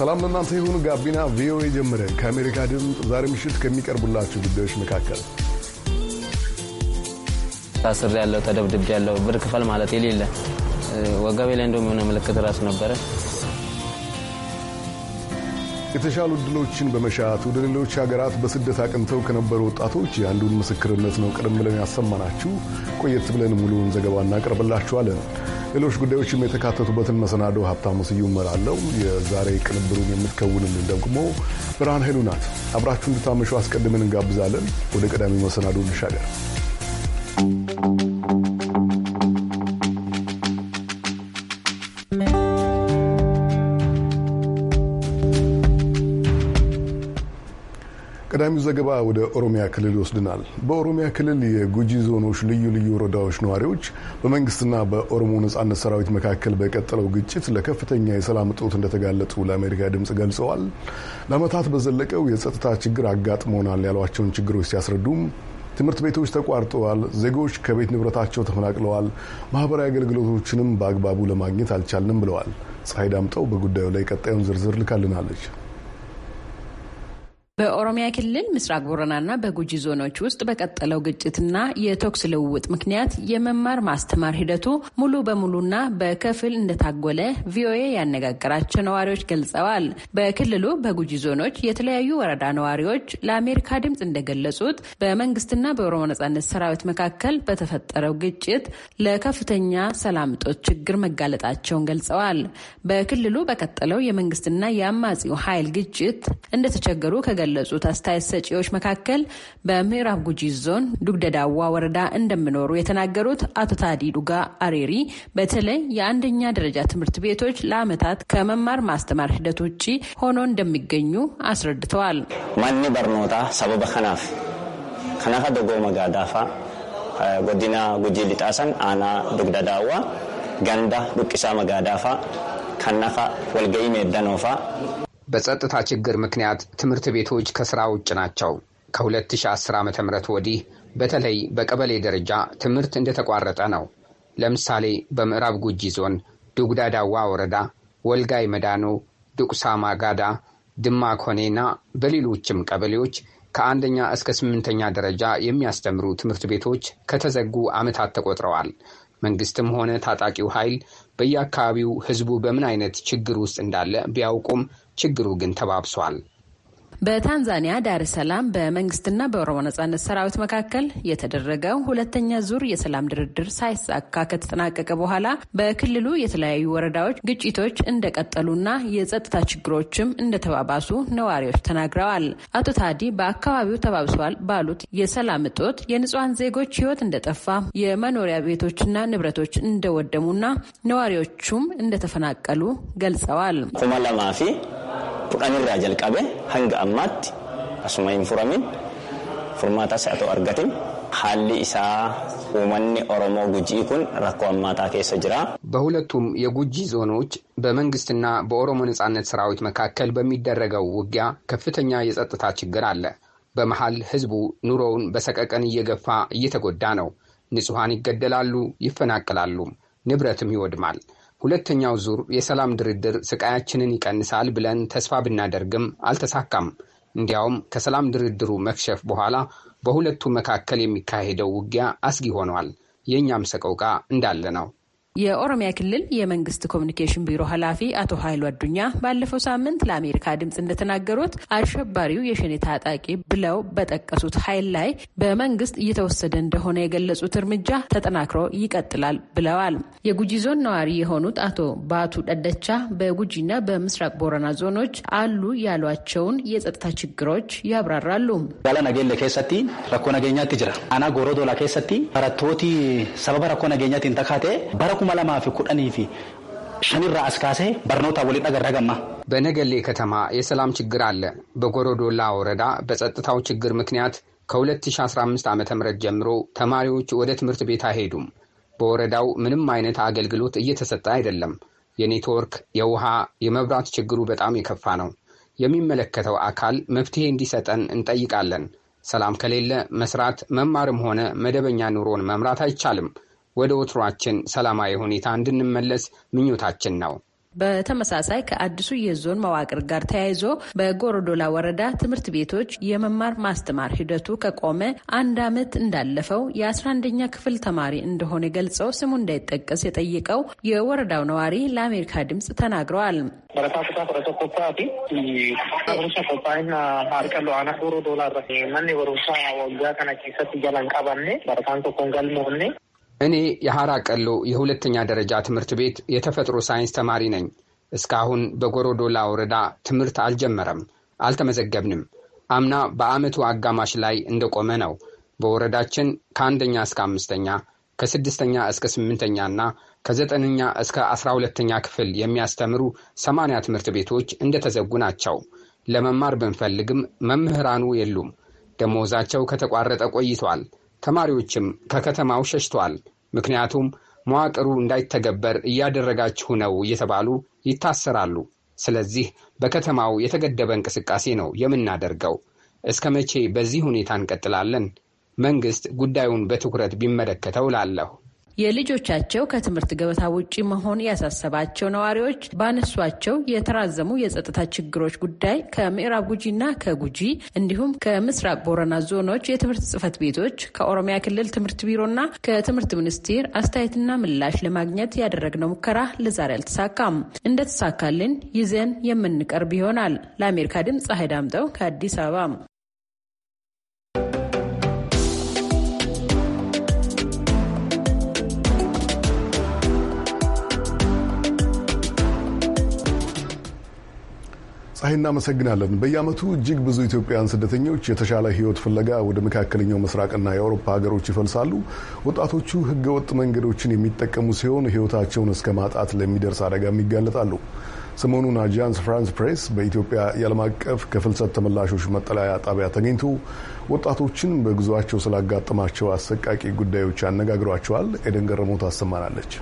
ሰላም ለእናንተ ይሁን። ጋቢና ቪኦኤ ጀምረ ከአሜሪካ ድምፅ ዛሬ ምሽት ከሚቀርቡላችሁ ጉዳዮች መካከል ታስር ያለው ተደብድብ ያለው ብር ክፈል ማለት የሌለ ወገቤ ላይ እንደውም የሆነ ምልክት ራሱ ነበረ። የተሻሉ እድሎችን በመሻት ወደ ሌሎች ሀገራት በስደት አቅንተው ከነበሩ ወጣቶች የአንዱን ምስክርነት ነው ቀደም ብለን ያሰማናችሁ። ቆየት ብለን ሙሉውን ዘገባ እናቀርብላችኋለን። ሌሎች ጉዳዮችም የተካተቱበትን መሰናዶ ሀብታሙ ስዩም እመራለሁ። የዛሬ ቅንብሩን የምትከውንልን ደግሞ ብርሃን ኃይሉ ናት። አብራችሁ እንድታመሹ አስቀድመን እንጋብዛለን። ወደ ቀዳሚ መሰናዶ እንሻገር። ቀዳሚው ዘገባ ወደ ኦሮሚያ ክልል ይወስድናል። በኦሮሚያ ክልል የጉጂ ዞኖች ልዩ ልዩ ወረዳዎች ነዋሪዎች በመንግስትና በኦሮሞ ነጻነት ሰራዊት መካከል በቀጠለው ግጭት ለከፍተኛ የሰላም እጦት እንደተጋለጡ ለአሜሪካ ድምፅ ገልጸዋል። ለመታት በዘለቀው የጸጥታ ችግር አጋጥሞናል ያሏቸውን ችግሮች ሲያስረዱም ትምህርት ቤቶች ተቋርጠዋል፣ ዜጎች ከቤት ንብረታቸው ተፈናቅለዋል፣ ማህበራዊ አገልግሎቶችንም በአግባቡ ለማግኘት አልቻልንም ብለዋል። ፀሐይ ዳምጠው በጉዳዩ ላይ ቀጣዩን ዝርዝር ልካልናለች። በኦሮሚያ ክልል ምስራቅ ቦረናና በጉጂ ዞኖች ውስጥ በቀጠለው ግጭትና የተኩስ ልውውጥ ምክንያት የመማር ማስተማር ሂደቱ ሙሉ በሙሉና በከፊል እንደታጎለ ቪኦኤ ያነጋገራቸው ነዋሪዎች ገልጸዋል። በክልሉ በጉጂ ዞኖች የተለያዩ ወረዳ ነዋሪዎች ለአሜሪካ ድምፅ እንደገለጹት በመንግስትና በኦሮሞ ነጻነት ሰራዊት መካከል በተፈጠረው ግጭት ለከፍተኛ ሰላም እጦት ችግር መጋለጣቸውን ገልጸዋል። በክልሉ በቀጠለው የመንግስትና የአማጺው ኃይል ግጭት እንደተቸገሩ ከገ ከገለጹት አስተያየት ሰጪዎች መካከል በምዕራብ ጉጂ ዞን ዱግደዳዋ ወረዳ እንደሚኖሩ የተናገሩት አቶ ታዲ ዱጋ አሬሪ በተለይ የአንደኛ ደረጃ ትምህርት ቤቶች ለአመታት ከመማር ማስተማር ሂደት ውጭ ሆኖ እንደሚገኙ አስረድተዋል። ማኒ በርኖታ ሰበበ ከናፍ ከናፈ ደጎ መጋዳፋ ጎዲና ጉጂ ሊጣሰን አና ዱግደዳዋ ገንዳ ዱቅሳ መጋዳፋ ከናፋ ወልገይ ሜደኖፋ በጸጥታ ችግር ምክንያት ትምህርት ቤቶች ከሥራ ውጭ ናቸው። ከ2010 ዓ ም ወዲህ በተለይ በቀበሌ ደረጃ ትምህርት እንደተቋረጠ ነው። ለምሳሌ በምዕራብ ጉጂ ዞን ዱጉዳዳዋ ወረዳ፣ ወልጋይ መዳኖ፣ ዱቁሳ ማጋዳ፣ ድማ ኮኔና በሌሎችም ቀበሌዎች ከአንደኛ እስከ ስምንተኛ ደረጃ የሚያስተምሩ ትምህርት ቤቶች ከተዘጉ ዓመታት ተቆጥረዋል። መንግስትም ሆነ ታጣቂው ኃይል በየአካባቢው ህዝቡ በምን አይነት ችግር ውስጥ እንዳለ ቢያውቁም ችግሩ ግን ተባብሷል። በታንዛኒያ ዳር ሰላም በመንግስትና በኦሮሞ ነጻነት ሰራዊት መካከል የተደረገው ሁለተኛ ዙር የሰላም ድርድር ሳይሳካ ከተጠናቀቀ በኋላ በክልሉ የተለያዩ ወረዳዎች ግጭቶች እንደቀጠሉና የጸጥታ ችግሮችም እንደተባባሱ ነዋሪዎች ተናግረዋል። አቶ ታዲ በአካባቢው ተባብሷል ባሉት የሰላም እጦት የንጹሐን ዜጎች ህይወት እንደጠፋ የመኖሪያ ቤቶችና ንብረቶች እንደወደሙና ነዋሪዎቹም እንደተፈናቀሉ ገልጸዋል። ቁማላማፊ ለማፊ ጀልቃቤ ሀንጋ ammaatti asuma hin furamin furmaataas haa ta'u argatin haalli isaa uመኒ ኦሮሞ ጉጂ ኩን ረኮ አማጣ ኬሰ ጅራ በሁለቱም የጉጂ ዞኖች በመንግስትና በኦሮሞ ነጻነት ሰራዊት መካከል በሚደረገው ውጊያ ከፍተኛ የጸጥታ ችግር አለ። በመሃል ህዝቡ ኑሮውን በሰቀቀን እየገፋ እየተጎዳ ነው። ንጹሐን ይገደላሉ፣ ይፈናቀላሉ፣ ንብረትም ይወድማል። ሁለተኛው ዙር የሰላም ድርድር ስቃያችንን ይቀንሳል ብለን ተስፋ ብናደርግም አልተሳካም። እንዲያውም ከሰላም ድርድሩ መክሸፍ በኋላ በሁለቱ መካከል የሚካሄደው ውጊያ አስጊ ሆኗል። የእኛም ሰቆቃ እንዳለ ነው። የኦሮሚያ ክልል የመንግስት ኮሚኒኬሽን ቢሮ ኃላፊ አቶ ኃይሉ አዱኛ ባለፈው ሳምንት ለአሜሪካ ድምፅ እንደተናገሩት አሸባሪው የሸኔ ታጣቂ ብለው በጠቀሱት ኃይል ላይ በመንግስት እየተወሰደ እንደሆነ የገለጹት እርምጃ ተጠናክሮ ይቀጥላል ብለዋል። የጉጂ ዞን ነዋሪ የሆኑት አቶ ባቱ ደደቻ በጉጂና በምስራቅ ቦረና ዞኖች አሉ ያሏቸውን የጸጥታ ችግሮች ያብራራሉ። ጋላ ከሰቲ ረኮ ነገኛት ጅራ አና ጎሮዶላ ከሰቲ ረቶቲ ሰበበ ረኮ ነገኛት ተካቴ kuma lamaa fi kudhanii fi shanirraa as kaasee barnoota waliin agarra በነገሌ ከተማ የሰላም ችግር አለ። በጎረዶላ ወረዳ በጸጥታው ችግር ምክንያት ከ2015 ዓ ም ጀምሮ ተማሪዎች ወደ ትምህርት ቤት አይሄዱም። በወረዳው ምንም አይነት አገልግሎት እየተሰጠ አይደለም። የኔትወርክ፣ የውሃ፣ የመብራት ችግሩ በጣም የከፋ ነው። የሚመለከተው አካል መፍትሄ እንዲሰጠን እንጠይቃለን። ሰላም ከሌለ መስራት፣ መማርም ሆነ መደበኛ ኑሮን መምራት አይቻልም። ወደ ወትሯችን ሰላማዊ ሁኔታ እንድንመለስ ምኞታችን ነው። በተመሳሳይ ከአዲሱ የዞን መዋቅር ጋር ተያይዞ በጎሮዶላ ወረዳ ትምህርት ቤቶች የመማር ማስተማር ሂደቱ ከቆመ አንድ ዓመት እንዳለፈው የ11ኛ ክፍል ተማሪ እንደሆነ ገልጸው ስሙ እንዳይጠቀስ የጠየቀው የወረዳው ነዋሪ ለአሜሪካ ድምፅ ተናግረዋል። እኔ የሐራ ቀሎ የሁለተኛ ደረጃ ትምህርት ቤት የተፈጥሮ ሳይንስ ተማሪ ነኝ። እስካሁን በጎሮዶላ ወረዳ ትምህርት አልጀመረም፣ አልተመዘገብንም። አምና በዓመቱ አጋማሽ ላይ እንደቆመ ነው። በወረዳችን ከአንደኛ እስከ አምስተኛ ከስድስተኛ እስከ ስምንተኛና ከዘጠነኛ እስከ አስራ ሁለተኛ ክፍል የሚያስተምሩ ሰማንያ ትምህርት ቤቶች እንደተዘጉ ናቸው። ለመማር ብንፈልግም መምህራኑ የሉም። ደሞዛቸው ከተቋረጠ ቆይቷል። ተማሪዎችም ከከተማው ሸሽተዋል። ምክንያቱም መዋቅሩ እንዳይተገበር እያደረጋችሁ ነው እየተባሉ ይታሰራሉ። ስለዚህ በከተማው የተገደበ እንቅስቃሴ ነው የምናደርገው። እስከ መቼ በዚህ ሁኔታ እንቀጥላለን? መንግሥት ጉዳዩን በትኩረት ቢመለከተው እላለሁ። የልጆቻቸው ከትምህርት ገበታ ውጪ መሆን ያሳሰባቸው ነዋሪዎች ባነሷቸው የተራዘሙ የጸጥታ ችግሮች ጉዳይ ከምዕራብ ጉጂና ከጉጂ እንዲሁም ከምስራቅ ቦረና ዞኖች የትምህርት ጽህፈት ቤቶች ከኦሮሚያ ክልል ትምህርት ቢሮና ከትምህርት ሚኒስቴር አስተያየትና ምላሽ ለማግኘት ያደረግነው ሙከራ ለዛሬ አልተሳካም። እንደተሳካልን ይዘን የምንቀርብ ይሆናል። ለአሜሪካ ድምፅ ጸሐይ ዳምጠው ከአዲስ አበባ ፀሐይ እናመሰግናለን። በየዓመቱ እጅግ ብዙ ኢትዮጵያውያን ስደተኞች የተሻለ ሕይወት ፍለጋ ወደ መካከለኛው ምስራቅና የአውሮፓ ሀገሮች ይፈልሳሉ። ወጣቶቹ ህገወጥ መንገዶችን የሚጠቀሙ ሲሆን ሕይወታቸውን እስከ ማጣት ለሚደርስ አደጋም ይጋለጣሉ። ሰሞኑን አጃንስ ፍራንስ ፕሬስ በኢትዮጵያ የዓለም አቀፍ ከፍልሰት ተመላሾች መጠለያ ጣቢያ ተገኝቶ ወጣቶችን በጉዞአቸው ስላጋጠማቸው አሰቃቂ ጉዳዮች አነጋግሯቸዋል። ኤደን ገረሞት አሰማናለች።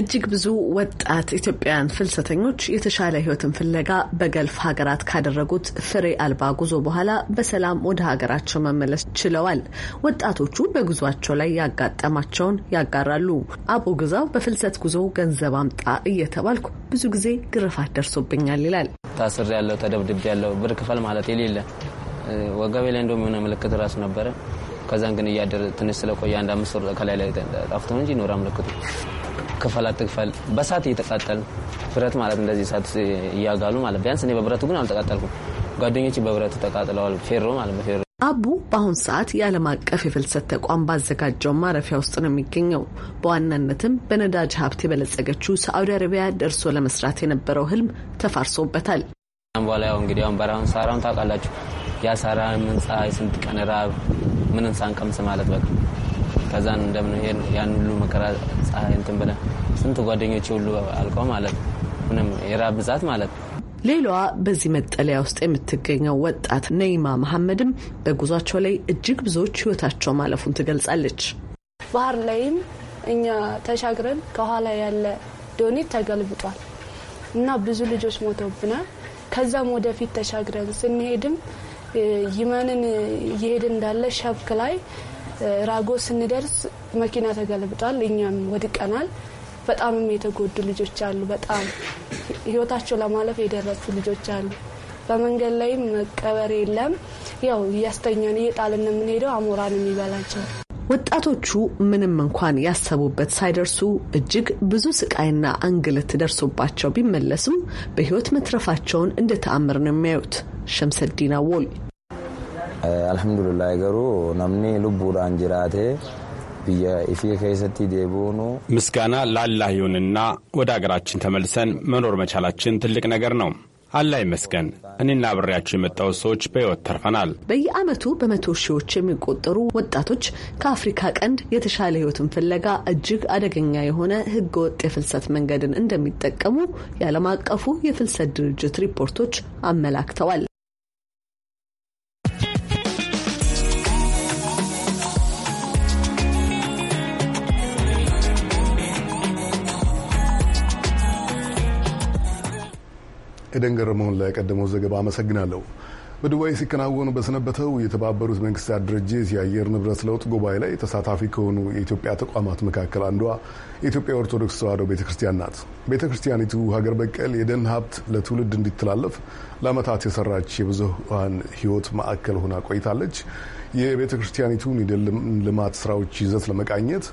እጅግ ብዙ ወጣት ኢትዮጵያውያን ፍልሰተኞች የተሻለ ሕይወትን ፍለጋ በገልፍ ሀገራት ካደረጉት ፍሬ አልባ ጉዞ በኋላ በሰላም ወደ ሀገራቸው መመለስ ችለዋል። ወጣቶቹ በጉዟቸው ላይ ያጋጠማቸውን ያጋራሉ። አቦ ግዛው በፍልሰት ጉዞ ገንዘብ አምጣ እየተባልኩ ብዙ ጊዜ ግርፋት ደርሶብኛል ይላል። ታስር ያለው ተደብድብ ያለው ብር ክፈል ማለት የሌለ ወገቤ ላይ እንደውም የሆነ ምልክት ራሱ ነበረ። ከዛን ግን እያደር ትንሽ ስለቆየ አንድ አምስት ወር ከላይ ላይ ጠፍቶ እንጂ ኖራ ምልክቱ ክፈል አትክፈል በሳት እየተቃጠል ብረት ማለት እንደዚህ ሳት እያጋሉ ማለት ቢያንስ እኔ በብረቱ ግን አልተቃጠልኩም። ጓደኞች በብረቱ ተቃጥለዋል። ፌሮ ማለት ፌሮ አቡ በአሁን ሰዓት የዓለም አቀፍ የፍልሰት ተቋም ባዘጋጀው ማረፊያ ውስጥ ነው የሚገኘው። በዋናነትም በነዳጅ ሀብት የበለጸገችው ሳዑዲ አረቢያ ደርሶ ለመስራት የነበረው ህልም ተፋርሶበታል። ም በኋላ ያው እንግዲህ ሁን በራሁን ሳራውን ታውቃላችሁ። ያ ምንጻ የስንት ቀን ራብ ምንም ሳንቀምስ ማለት በቃ ከዛን እንደምን ያን ሁሉ መከራ ፀሐይ እንትን ስንት ጓደኞች ሁሉ አልቀው ማለት ምንም የራ ብዛት ማለት ነው። በዚህ መጠለያ ውስጥ የምትገኘው ወጣት ነይማ መሐመድም በጉዟቸው ላይ እጅግ ብዙዎች ህይወታቸው ማለፉን ትገልጻለች። ባህር ላይም እኛ ተሻግረን ከኋላ ያለ ዶኒ ተገልብጧል እና ብዙ ልጆች ሞተውብናል። ከዛም ወደፊት ተሻግረን ስንሄድም ይመንን ይሄድ እንዳለ ሸብክ ላይ ራጎ ስንደርስ መኪና ተገልብጧል። እኛም ወድቀናል። በጣምም የተጎዱ ልጆች አሉ። በጣም ህይወታቸው ለማለፍ የደረሱ ልጆች አሉ። በመንገድ ላይም መቀበር የለም። ያው እያስተኛን እየጣልን የምንሄደው አሞራ ነው የሚበላቸው። ወጣቶቹ ምንም እንኳን ያሰቡበት ሳይደርሱ እጅግ ብዙ ስቃይና እንግልት ደርሶባቸው ቢመለሱም በህይወት መትረፋቸውን እንደ ተአምር ነው የሚያዩት። ሸምሰዲና ወል alhamdulillah garuu namni lubbuudhaan jiraatee biyya ifii keessatti deebi'uun. ምስጋና ለአላህ ይሁንና ወደ አገራችን ተመልሰን መኖር መቻላችን ትልቅ ነገር ነው። አላህ ይመስገን እኔና አብሬያቸው የመጣው ሰዎች በሕይወት ተርፈናል። በየዓመቱ በመቶ ሺዎች የሚቆጠሩ ወጣቶች ከአፍሪካ ቀንድ የተሻለ ሕይወትን ፍለጋ እጅግ አደገኛ የሆነ ወጥ የፍልሰት መንገድን እንደሚጠቀሙ የዓለም አቀፉ የፍልሰት ድርጅት ሪፖርቶች አመላክተዋል። ኤደን ገረመውን ለቀደመው ዘገባ አመሰግናለሁ። በዱባይ ሲከናወኑ በሰነበተው የተባበሩት መንግስታት ድርጅት የአየር ንብረት ለውጥ ጉባኤ ላይ ተሳታፊ ከሆኑ የኢትዮጵያ ተቋማት መካከል አንዷ የኢትዮጵያ ኦርቶዶክስ ተዋሕዶ ቤተ ክርስቲያን ናት። ቤተ ክርስቲያኒቱ ሀገር በቀል የደን ሀብት ለትውልድ እንዲተላለፍ ለአመታት የሰራች የብዙን ህይወት ማዕከል ሆና ቆይታለች። የቤተ ክርስቲያኒቱን የደን ልማት ስራዎች ይዘት ለመቃኘት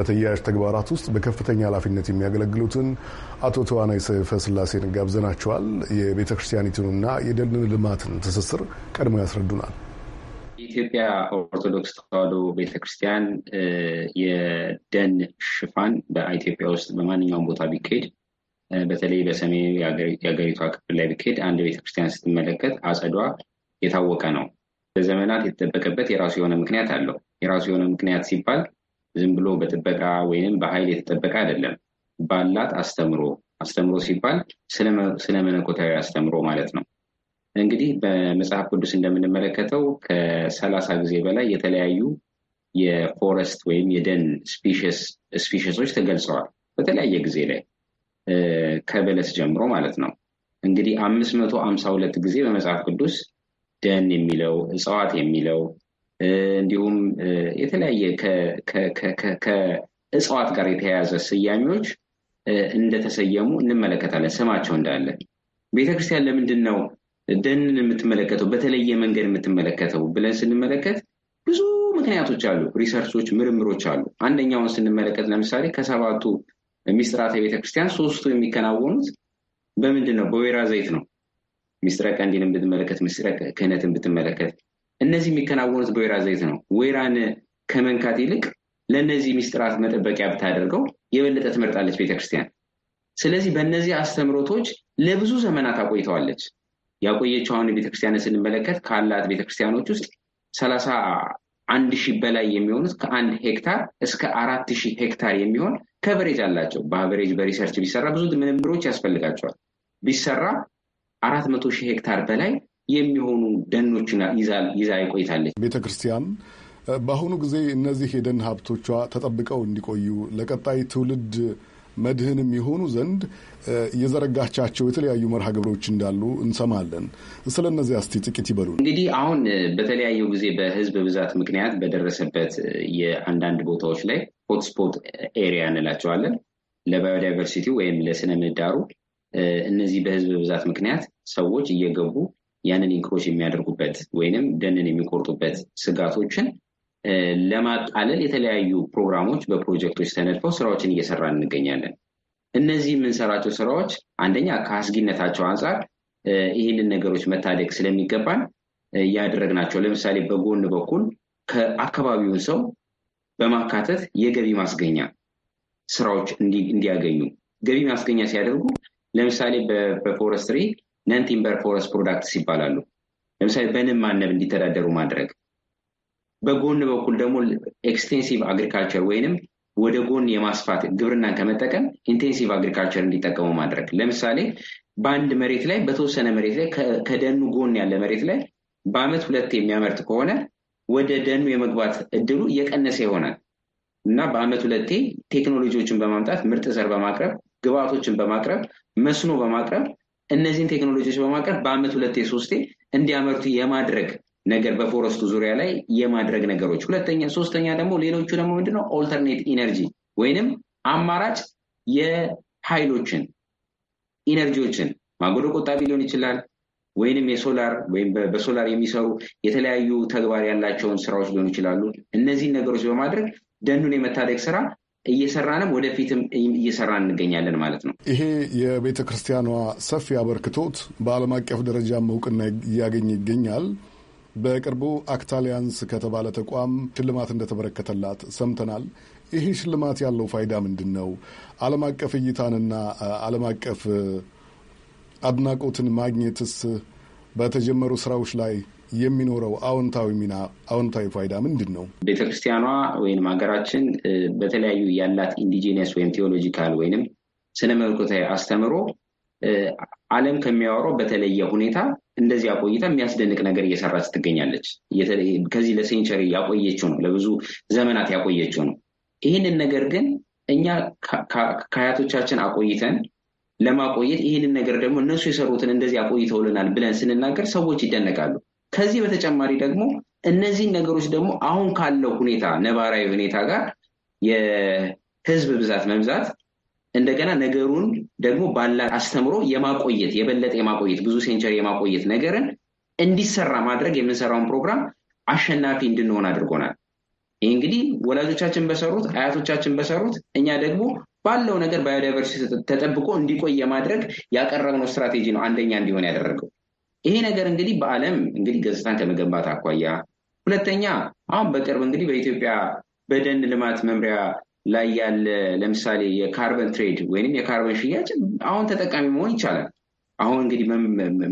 በተያያዥ ተግባራት ውስጥ በከፍተኛ ኃላፊነት የሚያገለግሉትን አቶ ተዋናይ ሰይፈ ስላሴን ጋብዘናቸዋል። የቤተ ክርስቲያኒቱንና የደን ልማትን ትስስር ቀድሞ ያስረዱናል። የኢትዮጵያ ኦርቶዶክስ ተዋሕዶ ቤተክርስቲያን የደን ሽፋን በኢትዮጵያ ውስጥ በማንኛውም ቦታ ቢካሄድ በተለይ በሰሜኑ የሀገሪቷ ክፍል ላይ ቢካሄድ አንድ ቤተክርስቲያን ስትመለከት አጸዷ የታወቀ ነው። በዘመናት የተጠበቀበት የራሱ የሆነ ምክንያት አለው። የራሱ የሆነ ምክንያት ሲባል ዝም ብሎ በጥበቃ ወይም በኃይል የተጠበቀ አይደለም። ባላት አስተምሮ አስተምሮ ሲባል ስለ መለኮታዊ አስተምሮ ማለት ነው። እንግዲህ በመጽሐፍ ቅዱስ እንደምንመለከተው ከሰላሳ ጊዜ በላይ የተለያዩ የፎረስት ወይም የደን ስፒሽሶች ተገልጸዋል በተለያየ ጊዜ ላይ ከበለስ ጀምሮ ማለት ነው። እንግዲህ አምስት መቶ አምሳ ሁለት ጊዜ በመጽሐፍ ቅዱስ ደን የሚለው እጽዋት የሚለው እንዲሁም የተለያየ ከእጽዋት ጋር የተያያዘ ስያሜዎች እንደተሰየሙ እንመለከታለን። ስማቸው እንዳለ ቤተክርስቲያን ለምንድን ነው ደንን የምትመለከተው በተለየ መንገድ የምትመለከተው ብለን ስንመለከት ብዙ ምክንያቶች አሉ፣ ሪሰርቾች፣ ምርምሮች አሉ። አንደኛውን ስንመለከት ለምሳሌ ከሰባቱ ሚስጥራተ ቤተክርስቲያን ሶስቱ የሚከናወኑት በምንድን ነው? በወይራ ዘይት ነው። ሚስጥረ ቀንዲልን ብትመለከት፣ ሚስጥረ ክህነትን ብትመለከት፣ እነዚህ የሚከናወኑት በወይራ ዘይት ነው። ወይራን ከመንካት ይልቅ ለእነዚህ ሚስጥራት መጠበቂያ ብታደርገው የበለጠ ትመርጣለች ቤተክርስቲያን። ስለዚህ በእነዚህ አስተምሮቶች ለብዙ ዘመናት አቆይተዋለች። ያቆየችው አሁን ቤተክርስቲያን ስንመለከት ካላት ቤተክርስቲያኖች ውስጥ ሰላሳ አንድ ሺህ በላይ የሚሆኑት ከአንድ ሄክታር እስከ አራት ሺህ ሄክታር የሚሆን ከቨሬጅ አላቸው። በአቨሬጅ በሪሰርች ቢሰራ ብዙ ምንምሮች ያስፈልጋቸዋል። ቢሰራ አራት መቶ ሺህ ሄክታር በላይ የሚሆኑ ደኖችን ይዛ ይቆይታለች ቤተ ክርስቲያን። በአሁኑ ጊዜ እነዚህ የደን ሀብቶቿ ተጠብቀው እንዲቆዩ ለቀጣይ ትውልድ መድህን የሚሆኑ ዘንድ እየዘረጋቻቸው የተለያዩ መርሃ ግብሮች እንዳሉ እንሰማለን። ስለ እነዚህ አስቲ ጥቂት ይበሉ። እንግዲህ አሁን በተለያዩ ጊዜ በህዝብ ብዛት ምክንያት በደረሰበት የአንዳንድ ቦታዎች ላይ ሆትስፖት ኤሪያ እንላቸዋለን ለባዮዳይቨርሲቲ ወይም ለስነ ምህዳሩ እነዚህ በህዝብ ብዛት ምክንያት ሰዎች እየገቡ ያንን ኢንክሮች የሚያደርጉበት ወይንም ደንን የሚቆርጡበት ስጋቶችን ለማቃለል የተለያዩ ፕሮግራሞች በፕሮጀክቶች ተነድፈው ስራዎችን እየሰራ እንገኛለን። እነዚህ የምንሰራቸው ስራዎች አንደኛ ከአስጊነታቸው አንጻር ይህንን ነገሮች መታደግ ስለሚገባን እያደረግናቸው፣ ለምሳሌ በጎን በኩል ከአካባቢውን ሰው በማካተት የገቢ ማስገኛ ስራዎች እንዲያገኙ ገቢ ማስገኛ ሲያደርጉ ለምሳሌ በፎረስትሪ ነን ቲምበር ፎረስት ፕሮዳክትስ ይባላሉ። ለምሳሌ በንብ ማነብ እንዲተዳደሩ ማድረግ። በጎን በኩል ደግሞ ኤክስቴንሲቭ አግሪካልቸር ወይንም ወደ ጎን የማስፋት ግብርናን ከመጠቀም ኢንቴንሲቭ አግሪካልቸር እንዲጠቀሙ ማድረግ። ለምሳሌ በአንድ መሬት ላይ በተወሰነ መሬት ላይ ከደኑ ጎን ያለ መሬት ላይ በአመት ሁለቴ የሚያመርት ከሆነ ወደ ደኑ የመግባት እድሉ እየቀነሰ ይሆናል እና በአመት ሁለቴ ቴክኖሎጂዎችን በማምጣት ምርጥ ዘር በማቅረብ ግብአቶችን በማቅረብ መስኖ በማቅረብ እነዚህን ቴክኖሎጂዎች በማቅረብ በአመት ሁለቴ ሶስቴ እንዲያመርቱ የማድረግ ነገር በፎረስቱ ዙሪያ ላይ የማድረግ ነገሮች፣ ሁለተኛ ሶስተኛ ደግሞ ሌሎቹ ደግሞ ምንድነው ኦልተርኔት ኢነርጂ ወይንም አማራጭ የኃይሎችን ኢነርጂዎችን ማጎዶ ቆጣቢ ሊሆን ይችላል ወይንም የሶላር ወይም በሶላር የሚሰሩ የተለያዩ ተግባር ያላቸውን ስራዎች ሊሆኑ ይችላሉ። እነዚህን ነገሮች በማድረግ ደኑን የመታደግ ስራ እየሰራንም ወደፊትም እየሰራ እንገኛለን ማለት ነው። ይሄ የቤተ ክርስቲያኗ ሰፊ አበርክቶት በዓለም አቀፍ ደረጃ እውቅና እያገኘ ይገኛል። በቅርቡ አክታሊያንስ ከተባለ ተቋም ሽልማት እንደተበረከተላት ሰምተናል። ይሄ ሽልማት ያለው ፋይዳ ምንድን ነው? ዓለም አቀፍ እይታንና ዓለም አቀፍ አድናቆትን ማግኘትስ በተጀመሩ ስራዎች ላይ የሚኖረው አዎንታዊ ሚና አዎንታዊ ፋይዳ ምንድን ነው? ቤተክርስቲያኗ ወይም ሀገራችን በተለያዩ ያላት ኢንዲጂነስ ወይም ቴዎሎጂካል ወይም ስነ መልኮታዊ አስተምሮ ዓለም ከሚያወራው በተለየ ሁኔታ እንደዚህ አቆይታ የሚያስደንቅ ነገር እየሰራች ትገኛለች። ከዚህ ለሴንቸሪ ያቆየችው ነው፣ ለብዙ ዘመናት ያቆየችው ነው። ይህንን ነገር ግን እኛ ከአያቶቻችን አቆይተን ለማቆየት ይህንን ነገር ደግሞ እነሱ የሰሩትን እንደዚህ አቆይተውልናል ብለን ስንናገር ሰዎች ይደነቃሉ። ከዚህ በተጨማሪ ደግሞ እነዚህን ነገሮች ደግሞ አሁን ካለው ሁኔታ ነባራዊ ሁኔታ ጋር የህዝብ ብዛት መብዛት እንደገና ነገሩን ደግሞ ባላ አስተምሮ የማቆየት የበለጠ የማቆየት ብዙ ሴንቸሪ የማቆየት ነገርን እንዲሰራ ማድረግ የምንሰራውን ፕሮግራም አሸናፊ እንድንሆን አድርጎናል። ይህ እንግዲህ ወላጆቻችን በሰሩት አያቶቻችን በሰሩት እኛ ደግሞ ባለው ነገር ባዮዳይቨርሲቲ ተጠብቆ እንዲቆይ የማድረግ ያቀረብነው ስትራቴጂ ነው አንደኛ እንዲሆን ያደረገው። ይሄ ነገር እንግዲህ በዓለም እንግዲህ ገጽታን ከመገንባት አኳያ፣ ሁለተኛ አሁን በቅርብ እንግዲህ በኢትዮጵያ በደን ልማት መምሪያ ላይ ያለ ለምሳሌ የካርበን ትሬድ ወይም የካርበን ሽያጭ አሁን ተጠቃሚ መሆን ይቻላል። አሁን እንግዲህ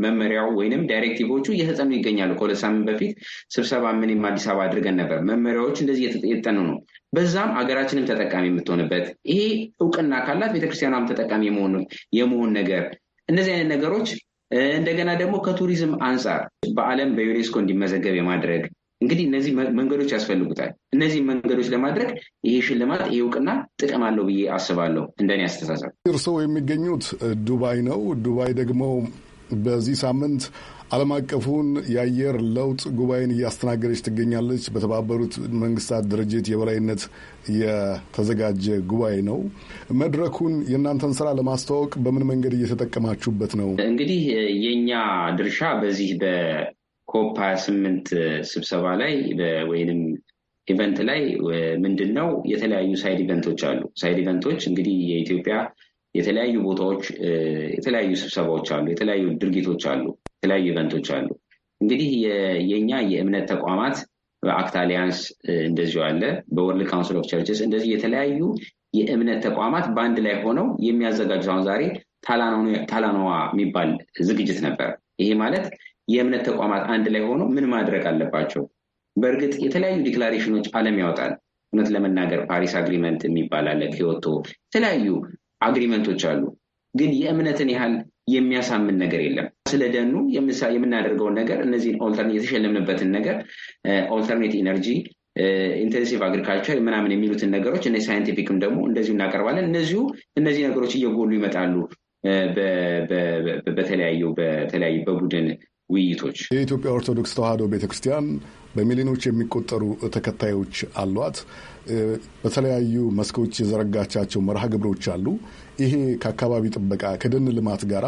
መመሪያው ወይንም ዳይሬክቲቮቹ እየተጠኑ ይገኛሉ። ከሁለት ሳምንት በፊት ስብሰባ ምንም አዲስ አበባ አድርገን ነበር። መመሪያዎች እንደዚህ የተጠኑ ነው። በዛም አገራችንም ተጠቃሚ የምትሆንበት ይሄ እውቅና ካላት ቤተክርስቲያኗም ተጠቃሚ የመሆን ነገር እነዚህ አይነት ነገሮች እንደገና ደግሞ ከቱሪዝም አንጻር በዓለም በዩኔስኮ እንዲመዘገብ የማድረግ እንግዲህ እነዚህ መንገዶች ያስፈልጉታል። እነዚህ መንገዶች ለማድረግ ይሄ ሽልማት ይሄ እውቅና ጥቅም አለው ብዬ አስባለሁ። እንደኔ አስተሳሰብ እርስዎ የሚገኙት ዱባይ ነው። ዱባይ ደግሞ በዚህ ሳምንት ዓለም አቀፉን የአየር ለውጥ ጉባኤን እያስተናገደች ትገኛለች። በተባበሩት መንግስታት ድርጅት የበላይነት የተዘጋጀ ጉባኤ ነው። መድረኩን የእናንተን ስራ ለማስተዋወቅ በምን መንገድ እየተጠቀማችሁበት ነው? እንግዲህ የእኛ ድርሻ በዚህ በኮፕ 28 ስብሰባ ላይ ወይንም ኢቨንት ላይ ምንድን ነው የተለያዩ ሳይድ ኢቨንቶች አሉ። ሳይድ ኢቨንቶች እንግዲህ የኢትዮጵያ የተለያዩ ቦታዎች የተለያዩ ስብሰባዎች አሉ፣ የተለያዩ ድርጊቶች አሉ። የተለያዩ ኢቨንቶች አሉ። እንግዲህ የእኛ የእምነት ተቋማት በአክት አሊያንስ እንደዚሁ አለ። በወርልድ ካውንስል ኦፍ ቸርችስ እንደዚህ የተለያዩ የእምነት ተቋማት በአንድ ላይ ሆነው የሚያዘጋጁት አሁን ዛሬ ታላኖዋ የሚባል ዝግጅት ነበር። ይሄ ማለት የእምነት ተቋማት አንድ ላይ ሆኖ ምን ማድረግ አለባቸው? በእርግጥ የተለያዩ ዲክላሬሽኖች ዓለም ያወጣል። እውነት ለመናገር ፓሪስ አግሪመንት የሚባል አለ፣ ኪዮቶ፣ የተለያዩ አግሪመንቶች አሉ። ግን የእምነትን ያህል የሚያሳምን ነገር የለም። ስለ ደኑ የምናደርገውን ነገር እነዚህን የተሸለምንበትን ነገር ኦልተርኔት ኢነርጂ፣ ኢንቴንሲቭ አግሪካልቸር ምናምን የሚሉትን ነገሮች እነዚህ ሳይንቲፊክም ደግሞ እንደዚሁ እናቀርባለን። እነዚሁ እነዚህ ነገሮች እየጎሉ ይመጣሉ። በተለያዩ በተለያዩ በቡድን ውይይቶች የኢትዮጵያ ኦርቶዶክስ ተዋሕዶ ቤተክርስቲያን በሚሊዮኖች የሚቆጠሩ ተከታዮች አሏት። በተለያዩ መስኮች የዘረጋቻቸው መርሃ ግብሮች አሉ። ይሄ ከአካባቢ ጥበቃ ከደን ልማት ጋር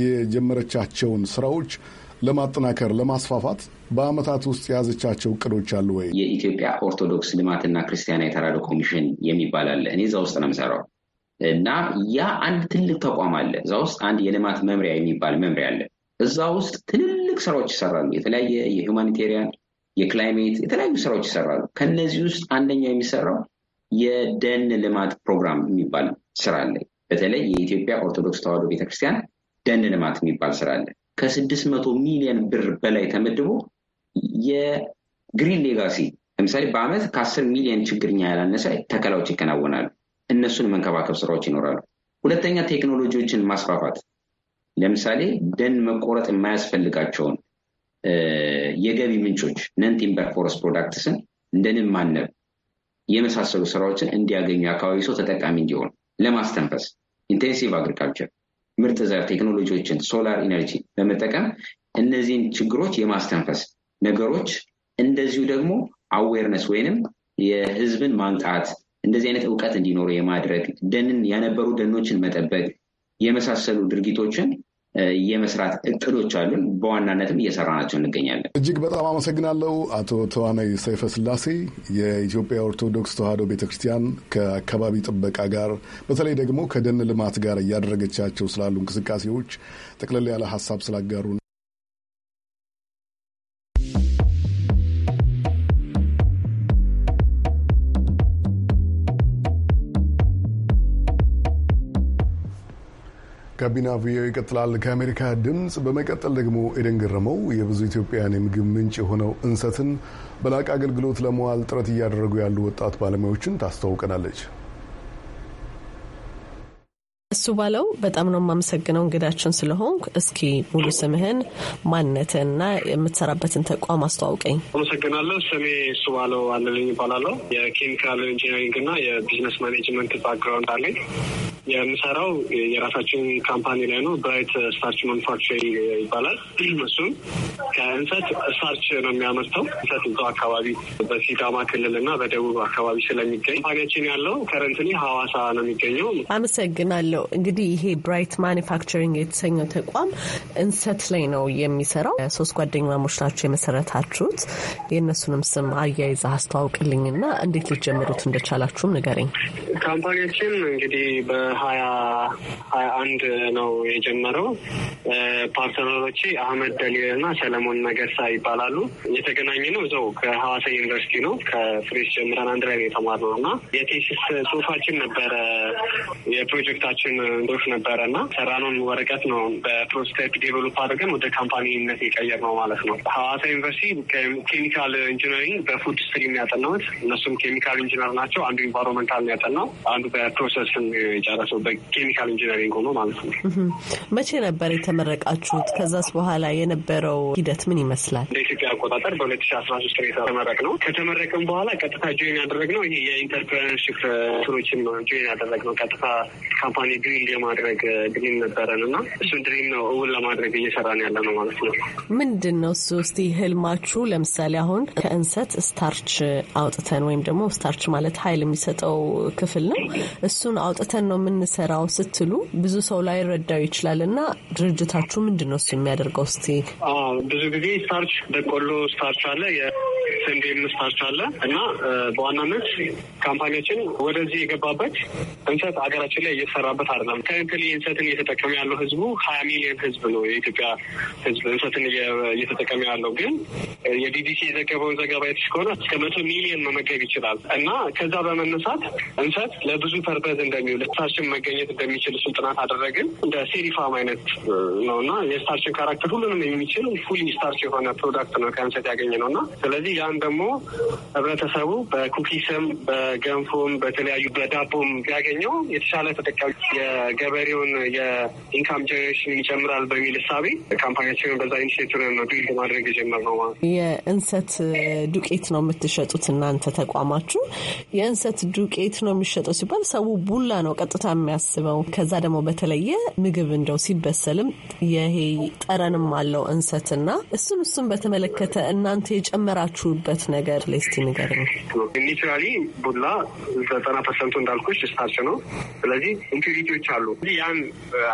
የጀመረቻቸውን ስራዎች ለማጠናከር ለማስፋፋት በአመታት ውስጥ የያዘቻቸው እቅዶች አሉ ወይ? የኢትዮጵያ ኦርቶዶክስ ልማትና ክርስቲያና የተራድኦ ኮሚሽን የሚባል አለ። እኔ እዛ ውስጥ ነው የምሰራው እና ያ አንድ ትልቅ ተቋም አለ። እዛ ውስጥ አንድ የልማት መምሪያ የሚባል መምሪያ አለ። እዛ ውስጥ ትልልቅ ስራዎች ይሰራሉ። የተለያየ የሁማኒቴሪያን፣ የክላይሜት የተለያዩ ስራዎች ይሰራሉ። ከነዚህ ውስጥ አንደኛው የሚሰራው የደን ልማት ፕሮግራም የሚባል ስራ አለ። በተለይ የኢትዮጵያ ኦርቶዶክስ ተዋሕዶ ቤተክርስቲያን ደን ልማት የሚባል ስራ አለ። ከስድስት መቶ ሚሊዮን ብር በላይ ተመድቦ የግሪን ሌጋሲ ለምሳሌ በአመት ከአስር ሚሊዮን ችግርኛ ያላነሰ ተከላዎች ይከናወናሉ። እነሱን መንከባከብ ስራዎች ይኖራሉ። ሁለተኛ ቴክኖሎጂዎችን ማስፋፋት፣ ለምሳሌ ደን መቆረጥ የማያስፈልጋቸውን የገቢ ምንጮች ነን ቲምበር ፎረስት ፕሮዳክትስን እንደንም ማነብ የመሳሰሉ ስራዎችን እንዲያገኙ አካባቢ ሰው ተጠቃሚ እንዲሆን ለማስተንፈስ ኢንቴንሲቭ አግሪካልቸር ምርጥ ዘር ቴክኖሎጂዎችን፣ ሶላር ኢነርጂ በመጠቀም እነዚህን ችግሮች የማስተንፈስ ነገሮች፣ እንደዚሁ ደግሞ አዌርነስ ወይንም የህዝብን ማንቃት እንደዚህ አይነት እውቀት እንዲኖሩ የማድረግ ደንን ያነበሩ ደኖችን መጠበቅ የመሳሰሉ ድርጊቶችን የመስራት እቅዶች አሉን። በዋናነትም እየሰራናቸው እንገኛለን። እጅግ በጣም አመሰግናለሁ አቶ ተዋናይ ሰይፈ ስላሴ የኢትዮጵያ ኦርቶዶክስ ተዋሕዶ ቤተክርስቲያን ከአካባቢ ጥበቃ ጋር በተለይ ደግሞ ከደን ልማት ጋር እያደረገቻቸው ስላሉ እንቅስቃሴዎች ጠቅለል ያለ ሀሳብ ስላጋሩ ጋቢና ቪኦኤ ይቀጥላል። ከአሜሪካ ድምፅ በመቀጠል ደግሞ ኤደን ገረመው የብዙ ኢትዮጵያውያን የምግብ ምንጭ የሆነው እንሰትን በላቀ አገልግሎት ለመዋል ጥረት እያደረጉ ያሉ ወጣት ባለሙያዎችን ታስተዋውቀናለች። እሱ ባለው በጣም ነው የማመሰግነው እንግዳችን ስለሆንኩ። እስኪ ሙሉ ስምህን ማንነትንና የምትሰራበትን ተቋም አስተዋውቀኝ። አመሰግናለሁ። ስሜ እሱ ባለው አለልኝ ይባላለሁ። የኬሚካል ኢንጂነሪንግ የቢዝነስ ማኔጅመንት ባክግራውንድ አለኝ። የምሰራው የራሳችን ካምፓኒ ላይ ነው። ብራይት ስታርች ማኑፋክቸሪንግ ይባላል። እሱም ከእንሰት ስታርች ነው የሚያመርተው። እንሰት እዛው አካባቢ በሲዳማ ክልል እና በደቡብ አካባቢ ስለሚገኝ ካምፓኒያችን ያለው ከረንትሊ ሀዋሳ ነው የሚገኘው። አመሰግናለሁ። የሚለው እንግዲህ ይሄ ብራይት ማኒፋክቸሪንግ የተሰኘው ተቋም እንሰት ላይ ነው የሚሰራው። ሶስት ጓደኛሞች ናቸው የመሰረታችሁት። የእነሱንም ስም አያይዛ አስተዋውቅልኝና እንዴት ሊጀምሩት እንደቻላችሁም ንገረኝ። ካምፓኒያችን እንግዲህ በሀያ ሀያ አንድ ነው የጀመረው። ፓርትነሮች አህመድ ደሊል እና ሰለሞን ነገሳ ይባላሉ። የተገናኘ ነው እዛው ከሀዋሳ ዩኒቨርሲቲ ነው። ከፍሬሽ ጀምረን አንድ ላይ ነው የተማርነው እና የቴሲስ ጽሁፋችን ነበረ የፕሮጀክታችን ሌሎችም እንዶች ነበረ እና ሰራነውን ወረቀት ነው በፕሮቶታይፕ ዴቨሎፕ አድርገን ወደ ካምፓኒነት የቀየር ነው ማለት ነው። ሀዋሳ ዩኒቨርሲቲ ኬሚካል ኢንጂነሪንግ በፉድ ስትሪም ያጠናሁት እነሱም ኬሚካል ኢንጂነር ናቸው። አንዱ ኢንቫይሮንመንታል ነው አንዱ በፕሮሰስን የጨረሰው በኬሚካል ኢንጂነሪንግ ሆኖ ማለት ነው። መቼ ነበር የተመረቃችሁት? ከዛስ በኋላ የነበረው ሂደት ምን ይመስላል? እንደ ኢትዮጵያ አቆጣጠር በሁለት ሺ አስራ ሶስት ነው የተመረቅ ነው። ከተመረቅም በኋላ ቀጥታ ጆይን ነው ይሄ የኢንተርፕረነርሺፕ ስሮችን ጆይን ያደረግነው ቀጥታ ካምፓኒ ድሪል የማድረግ ድሪም ነበረን እና እሱን ድሪም ነው እውን ለማድረግ እየሰራን ያለ ነው ማለት ነው። ምንድን ነው እሱ እስቲ ህልማችሁ? ለምሳሌ አሁን ከእንሰት ስታርች አውጥተን ወይም ደግሞ ስታርች ማለት ኃይል የሚሰጠው ክፍል ነው። እሱን አውጥተን ነው የምንሰራው ስትሉ ብዙ ሰው ላይ ረዳው ይችላል እና ድርጅታችሁ ምንድን ነው እሱ የሚያደርገው? እስቲ ብዙ ጊዜ ስታርች በቆሎ ስታርች አለ ስንዴ ምስታች አለ እና በዋናነት ካምፓኒያችን ወደዚህ የገባበት እንሰት ሀገራችን ላይ እየተሰራበት አይደለም። ከንክል እንሰትን እየተጠቀመ ያለው ህዝቡ ሀያ ሚሊዮን ህዝብ ነው። የኢትዮጵያ ህዝብ እንሰትን እየተጠቀመ ያለው ግን የቢቢሲ የዘገበውን ዘገባ የተሽ ከሆነ እስከ መቶ ሚሊዮን መመገብ ይችላል እና ከዛ በመነሳት እንሰት ለብዙ ፐርፐዝ እንደሚውል ስታርችን መገኘት እንደሚችል እሱን ጥናት አደረግን። እንደ ሴሪፋም አይነት ነው እና የስታርችን ካራክተር ሁሉንም የሚችል ፉሊ ስታርች የሆነ ፕሮዳክት ነው ከእንሰት ያገኘ ነው እና ስለዚህ ሌላም ደግሞ ህብረተሰቡ በኩኪስም በገንፎም በተለያዩ በዳቦም ቢያገኘው የተሻለ ተጠቃሚ የገበሬውን የኢንካም ጀኔሬሽን ይጨምራል በሚል እሳቤ ካምፓኒያችንን በዛ ኢኒሽቲቭን ቢልድ ማድረግ የጀመርነው ማለት ነው። የእንሰት ዱቄት ነው የምትሸጡት እናንተ ተቋማችሁ። የእንሰት ዱቄት ነው የሚሸጠው ሲባል ሰው ቡላ ነው ቀጥታ የሚያስበው። ከዛ ደግሞ በተለየ ምግብ እንደው ሲበሰልም ይሄ ጠረንም አለው እንሰትና እሱን እሱን በተመለከተ እናንተ የጨመራችሁ የምትሰሩበት ነገር ሌስቲ እስቲ ነው። ሊትራሊ ቡላ ዘጠና ፐርሰንቱ እንዳልኩሽ ስታርች ነው። ስለዚህ ኢንቲቪቲዎች አሉ። ያን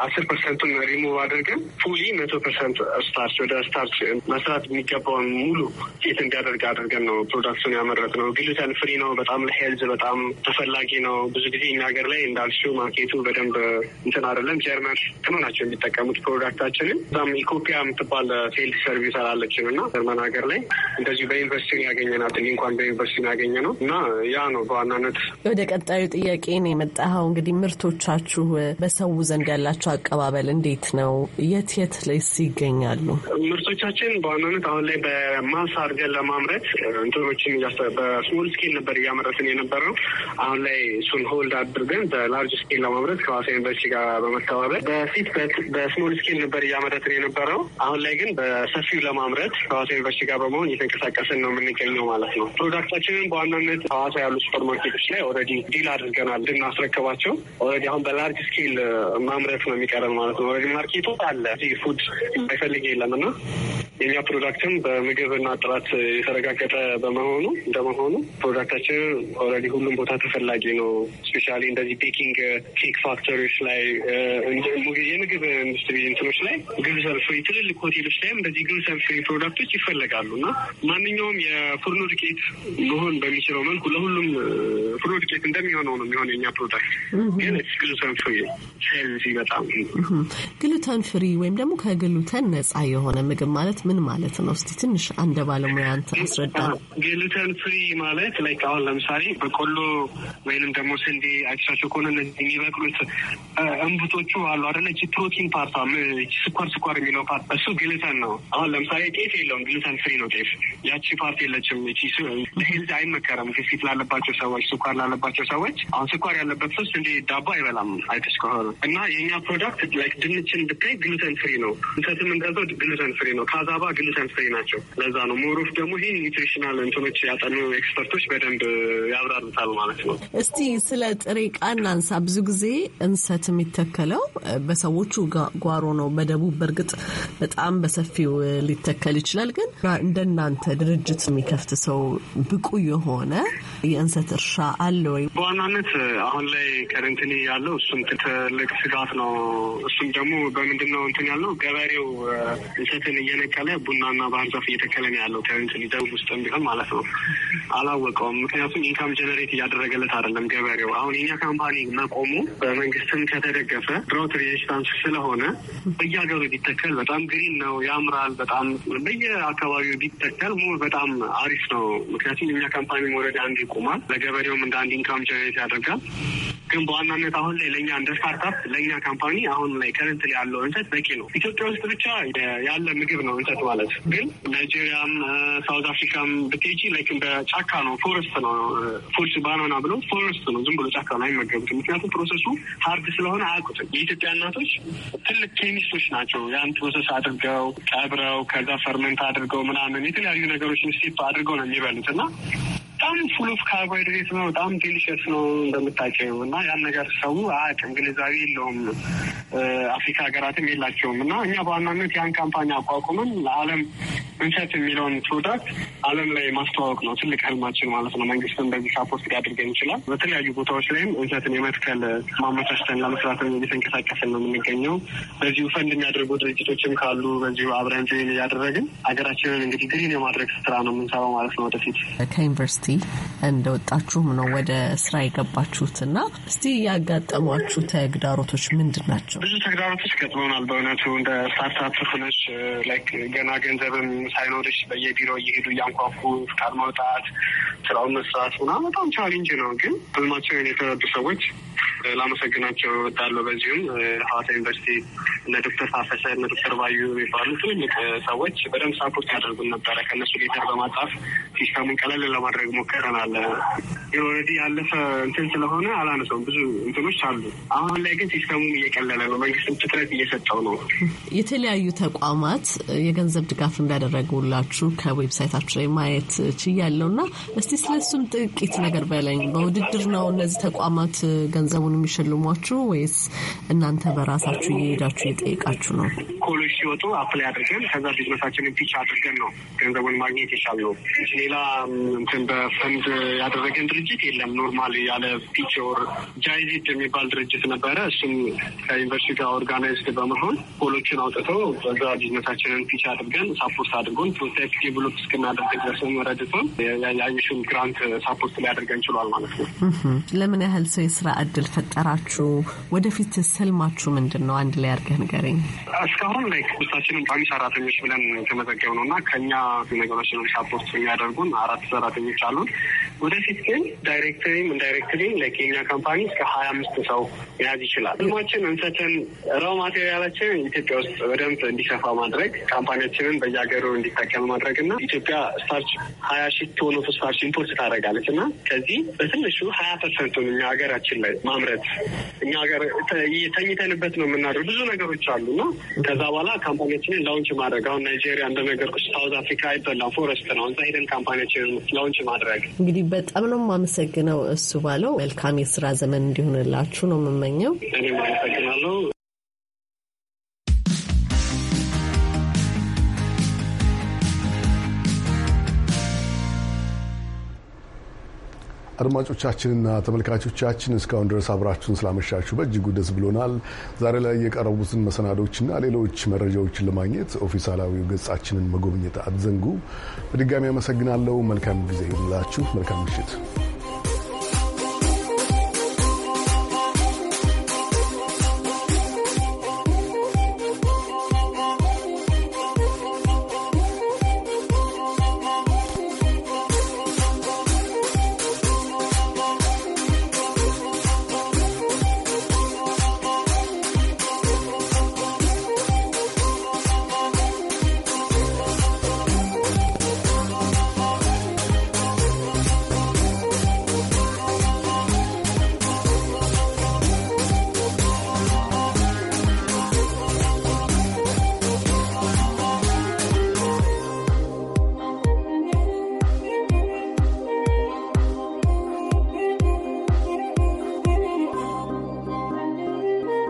አስር ፐርሰንቱን ሪሙቭ አድርገን ፉሊ መቶ ፐርሰንት ስታርች ወደ ስታርች መስራት የሚገባውን ሙሉ ሴት እንዲያደርግ አድርገን ነው ፕሮዳክቱን ያመረት ነው። ግሉተን ፍሪ ነው። በጣም ሄልዝ በጣም ተፈላጊ ነው። ብዙ ጊዜ እኛ ሀገር ላይ እንዳልሽው ማርኬቱ በደንብ እንትን አይደለም። ጀርመን ክኖ ናቸው የሚጠቀሙት ፕሮዳክታችንን። በጣም ኢኮፒያ የምትባል ሴልስ ሰርቪስ አላለችም እና ጀርመን ሀገር ላይ እንደዚሁ በዩኒቨርሲቲ በዩኒቨርሲቲ ያገኘ ናት እንኳን በዩኒቨርሲቲ ያገኘ ነው እና ያ ነው በዋናነት። ወደ ቀጣዩ ጥያቄ ነው የመጣኸው። እንግዲህ ምርቶቻችሁ በሰው ዘንድ ያላቸው አቀባበል እንዴት ነው? የት የት ላይስ ይገኛሉ? ምርቶቻችን በዋናነት አሁን ላይ በማስ አድርገን ለማምረት እንትኖችን በስሞል ስኬል ነበር እያመረትን የነበረው። አሁን ላይ እሱን ሆልድ አድርገን በላርጅ ስኬል ለማምረት ከሀዋሳ ዩኒቨርሲቲ ጋር በመተባበር በፊት በስሞል ስኬል ነበር እያመረትን የነበረው። አሁን ላይ ግን በሰፊው ለማምረት ከሀዋሳ ዩኒቨርሲቲ ጋር በመሆን እየተንቀሳቀስን ነው የምንገኘው ማለት ነው። ፕሮዳክታችንን በዋናነት ሀዋሳ ያሉ ሱፐር ማርኬቶች ላይ ኦልሬዲ ዲል አድርገናል እንድናስረከባቸው። ኦልሬዲ አሁን በላርጅ ስኬል ማምረት ነው የሚቀረን ማለት ነው። ኦልሬዲ ማርኬቱ አለ ፉድ አይፈልግ የለም እና የኛ ፕሮዳክትም በምግብና ጥራት የተረጋገጠ በመሆኑ እንደመሆኑ ፕሮዳክታችን ኦልሬዲ ሁሉም ቦታ ተፈላጊ ነው። ስፔሻሊ እንደዚህ ቤኪንግ ኬክ ፋክተሪዎች ላይ የምግብ ኢንዱስትሪ እንትኖች ላይ ግልሰን ፍሪ ትልልቅ ሆቴሎች ላይም እንደዚህ ግልሰን ፍሪ ፕሮዳክቶች ይፈለጋሉ እና ማንኛውም የፍርኖ ዱቄት መሆን በሚችለው መልኩ ለሁሉም ፍርኖ ዱቄት እንደሚሆነው ነው የሚሆን የኛ ፕሮዳክት ግን ግሉተን ፍሪ ሄልዚ በጣም ግሉተን ፍሪ ወይም ደግሞ ከግሉተን ነጻ የሆነ ምግብ ማለት ምን ማለት ነው? እስቲ ትንሽ እንደ ባለሙያ አንተ አስረዳ። ግሉተን ፍሪ ማለት ላይ አሁን ለምሳሌ በቆሎ ወይንም ደግሞ ስንዴ አይተሻቸው ከሆነ እነዚህ የሚበቅሉት እንቡቶቹ አሉ አደለ? እቺ ፕሮቲን ፓርታ ስኳር ስኳር የሚለው ፓርት እሱ ግሉተን ነው። አሁን ለምሳሌ ጤፍ የለውም፣ ግሉተን ፍሪ ነው ጤፍ። ያቺ ፓርት የለችም። ሄልዝ አይመከረም፣ ግፊት ላለባቸው ሰዎች፣ ስኳር ላለባቸው ሰዎች። አሁን ስኳር ያለበት ሰው ስንዴ ዳቦ አይበላም አይተሽ ከሆነ እና የኛ ፕሮዳክት ላይክ ድንችን ብታይ ግሉተን ፍሪ ነው። እንሰትም እንደዛው ግሉተን ፍሪ ነው። ካዛ አበባ ግን ሳይንቲስት ናቸው። ለዛ ነው ምሁሮች ደግሞ ይህን ኒትሪሽናል እንትኖች ያጠኑ ኤክስፐርቶች በደንብ ያብራሩታል ማለት ነው። እስቲ ስለ ጥሬ ዕቃ እናንሳ። ብዙ ጊዜ እንሰት የሚተከለው በሰዎቹ ጓሮ ነው። በደቡብ በእርግጥ በጣም በሰፊው ሊተከል ይችላል። ግን እንደናንተ ድርጅት የሚከፍት ሰው ብቁ የሆነ የእንሰት እርሻ አለ ወይ? በዋናነት አሁን ላይ ከረንትኒ ያለው እሱም ትልቅ ስጋት ነው። እሱም ደግሞ በምንድን ነው እንትን ያለው ገበሬው እንሰትን እየነቀ በአጠቃላይ ቡናና ባህር ዛፍ እየተከለ ነው ያለው ከንት ሊደር ውስጥም ቢሆን ማለት ነው። አላወቀውም። ምክንያቱም ኢንካም ጀነሬት እያደረገለት አይደለም ገበሬው። አሁን የኛ ካምፓኒ መቆሙ በመንግስትም ከተደገፈ ድሮት ሬዚስታንስ ስለሆነ በየሀገሩ ቢተከል በጣም ግሪን ነው፣ ያምራል። በጣም በየአካባቢው ቢተከል ሙ በጣም አሪፍ ነው። ምክንያቱም የኛ ካምፓኒ ወረዳ አንድ ይቆማል፣ ለገበሬውም እንደ አንድ ኢንካም ጀነሬት ያደርጋል። ግን በዋናነት አሁን ላይ ለእኛ እንደ ስታርታፕ ለእኛ ካምፓኒ አሁን ላይ ከረንት ያለው እንሰት በቂ ነው። ኢትዮጵያ ውስጥ ብቻ ያለ ምግብ ነው እንሰት ማለት ግን ናይጄሪያም ሳውት አፍሪካም ብትሄጂ ላይክ እንደ ጫካ ነው፣ ፎረስት ነው። ፉልስ ባናና ብሎ ፎረስት ነው። ዝም ብሎ ጫካ ነው አይመገቡትም። ምክንያቱም ፕሮሰሱ ሀርድ ስለሆነ አያውቁትም። የኢትዮጵያ እናቶች ትልቅ ኬሚስቶች ናቸው። ያን ፕሮሰስ አድርገው ቀብረው ከዛ ፈርመንት አድርገው ምናምን የተለያዩ ነገሮች ስቴፕ አድርገው ነው የሚበሉት እና በጣም ፉል ኦፍ ካርቦሃይድሬት ነው። በጣም ዴሊሸስ ነው እንደምታውቂው እና ያን ነገር ሰው አያውቅም፣ ግንዛቤ የለውም። አፍሪካ ሀገራትም የላቸውም። እና እኛ በዋናነት ያን ካምፓኒ አቋቁመን ለዓለም እንሰት የሚለውን ፕሮዳክት ዓለም ላይ ማስተዋወቅ ነው ትልቅ ህልማችን ማለት ነው። መንግስትን በዚህ ሳፖርት ሊያደርገን ይችላል። በተለያዩ ቦታዎች ላይም እንሰትን የመትከል ማመቻችተን ለመስራት እየተንቀሳቀስን ነው የምንገኘው። በዚሁ ፈንድ የሚያደርጉ ድርጅቶችም ካሉ በዚሁ አብረን ጆይን እያደረግን ሀገራችንን እንግዲህ ግሪን የማድረግ ስራ ነው የምንሰራው ማለት ነው ወደፊት ከዩኒቨርሲቲ እንደወጣችሁም ነው ወደ ስራ የገባችሁት እና እስቲ ያጋጠሟችሁ ተግዳሮቶች ምንድን ናቸው? ብዙ ተግዳሮቶች ገጥመናል። በእውነቱ እንደ ስታርታፕ ሆነች ላይክ ገና ገንዘብም ሳይኖርች በየቢሮ እየሄዱ እያንኳኩ ፍቃድ ማውጣት፣ ስራውን መስራት ሆና በጣም ቻሌንጅ ነው። ግን ህልማቸውን የተረዱ ሰዎች ላመሰግናቸው እወዳለሁ። በዚሁም ሐዋሳ ዩኒቨርሲቲ እነ ዶክተር ታፈሰ እነ ዶክተር ባዩ የሚባሉ ትልልቅ ሰዎች በደንብ ሳፖርት ያደርጉን ነበረ። ከእነሱ ሌተር በማጣፍ ሲስተሙን ቀለል ለማድረግ ሞክረናል። ኦልሬዲ ያለፈ እንትን ስለሆነ አላነሰውም። ብዙ እንትኖች አሉ። አሁን ላይ ግን ሲስተሙም እየቀለለ ነው። መንግስትም ትኩረት እየሰጠው ነው። የተለያዩ ተቋማት የገንዘብ ድጋፍ እንዳደረጉላችሁ ከዌብሳይታችሁ ላይ ማየት ችያለው እና እስቲ ስለሱም ጥቂት ነገር በለኝ። በውድድር ነው እነዚህ ተቋማት ገንዘቡን የሚሸልሟችሁ ወይስ እናንተ በራሳችሁ እየሄዳችሁ እየጠየቃችሁ ነው? ኮሎች ሲወጡ አፕላይ አድርገን ከዛ ቢዝነሳችንን ፒች አድርገን ነው ገንዘቡን ማግኘት የቻልነው። ሌላ እንትን ፈንድ ያደረገን ድርጅት የለም። ኖርማል ያለ ፒቸር ጃይዚት የሚባል ድርጅት ነበረ። እሱም ከዩኒቨርሲቲ ጋር ኦርጋናይዝድ በመሆን ፖሎችን አውጥተው በዛ ቢዝነሳችንን ፒች አድርገን ሳፖርት አድርጎን ፕሮቴክት ዲቨሎፕ እስክናደርግ ድረስም ረድቶን የአየሽን ግራንት ሳፖርት ሊያደርገን ችሏል ማለት ነው። ለምን ያህል ሰው የስራ እድል ፈጠራችሁ? ወደፊት ስልማችሁ ምንድን ነው? አንድ ላይ አድርገህ ንገረኝ። እስካሁን ላይክ ክስታችንን ቋሚ ሰራተኞች ብለን የተመዘገብ ነው እና ከኛ ነገሮችን ሳፖርት የሚያደርጉን አራት ሰራተኞች አሉን። ወደፊት ግን ዳይሬክተሪም ኢንዳይሬክትሪም ለኬኛ ካምፓኒ እስከ ሀያ አምስት ሰው መያዝ ይችላል። ህልማችን እንሰትን ረው ማቴሪያላችን ኢትዮጵያ ውስጥ በደንብ እንዲሰፋ ማድረግ ካምፓኒያችንን በየሀገሩ እንዲጠቀም ማድረግ እና ኢትዮጵያ ስታርች ሀያ ሺ ቶን ኦፍ ስታርች ኢምፖርት ታደርጋለች እና ከዚህ በትንሹ ሀያ ፐርሰንቱን እኛ ሀገራችን ላይ ማምረት እኛ ሀገር ተኝተንበት ነው የምናደርገው። ብዙ ነገሮች አሉ እና ከዛ በኋላ ካምፓኒያችንን ላውንች ማድረግ አሁን ናይጄሪያ እንደነገርኩሽ ሳውዝ አፍሪካ አይበላም ፎረስት ነው። እዛ ሄደን ካምፓኒያችንን ላውንች ማድረግ ማድረግ። እንግዲህ በጣም ነው የማመሰግነው። እሱ ባለው መልካም የስራ ዘመን እንዲሆንላችሁ ነው የምመኘው። እኔም አመሰግናለሁ። አድማጮቻችንና ተመልካቾቻችን እስካሁን ድረስ አብራችሁን ስላመሻችሁ በእጅጉ ደስ ብሎናል። ዛሬ ላይ የቀረቡትን መሰናዶችና ሌሎች መረጃዎችን ለማግኘት ኦፊሳላዊው ገጻችንን መጎብኘት አትዘንጉ። በድጋሚ አመሰግናለሁ። መልካም ጊዜ ይሁንላችሁ። መልካም ምሽት።